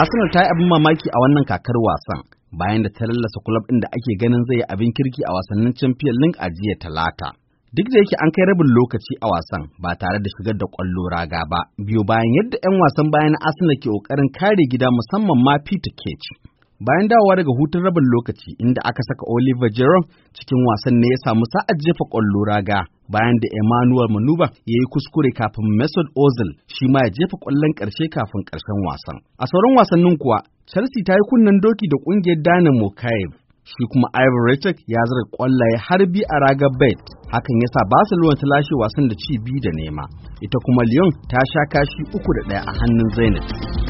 Arsenal ta yi abin mamaki a wannan kakar wasan bayan da ta lallasa kulab ɗin da ake ganin zai yi abin kirki a wasannin Champions Link a jiya Talata. Duk da yake an kai rabin lokaci a wasan ba tare da shigar da ƙwallo raga ba, biyu bayan yadda 'yan wasan bayan Arsenal ke ƙoƙarin kare gida musamman ma Peter Cech. bayan dawowa daga hutun rabin lokaci inda aka saka Oliver Jeron, cikin wasan ne ya samu sa'ad jefa ƙwallo raga bayan da Emmanuel Manuba ya yi kuskure kafin Mesut Ozil shi ma ya jefa ƙwallon ƙarshe kafin ƙarshen wasan. A sauran wasannin kuwa, Chelsea ta yi kunnen doki da ƙungiyar Dynamo Kyiv. Shi kuma Ivory ya zara ƙwallaye har bi a Raga Bet. Hakan ya sa Barcelona ta lashe wasan da ci biyu da nema. Ita kuma Lyon ta sha kashi uku da ɗaya a hannun Zenit.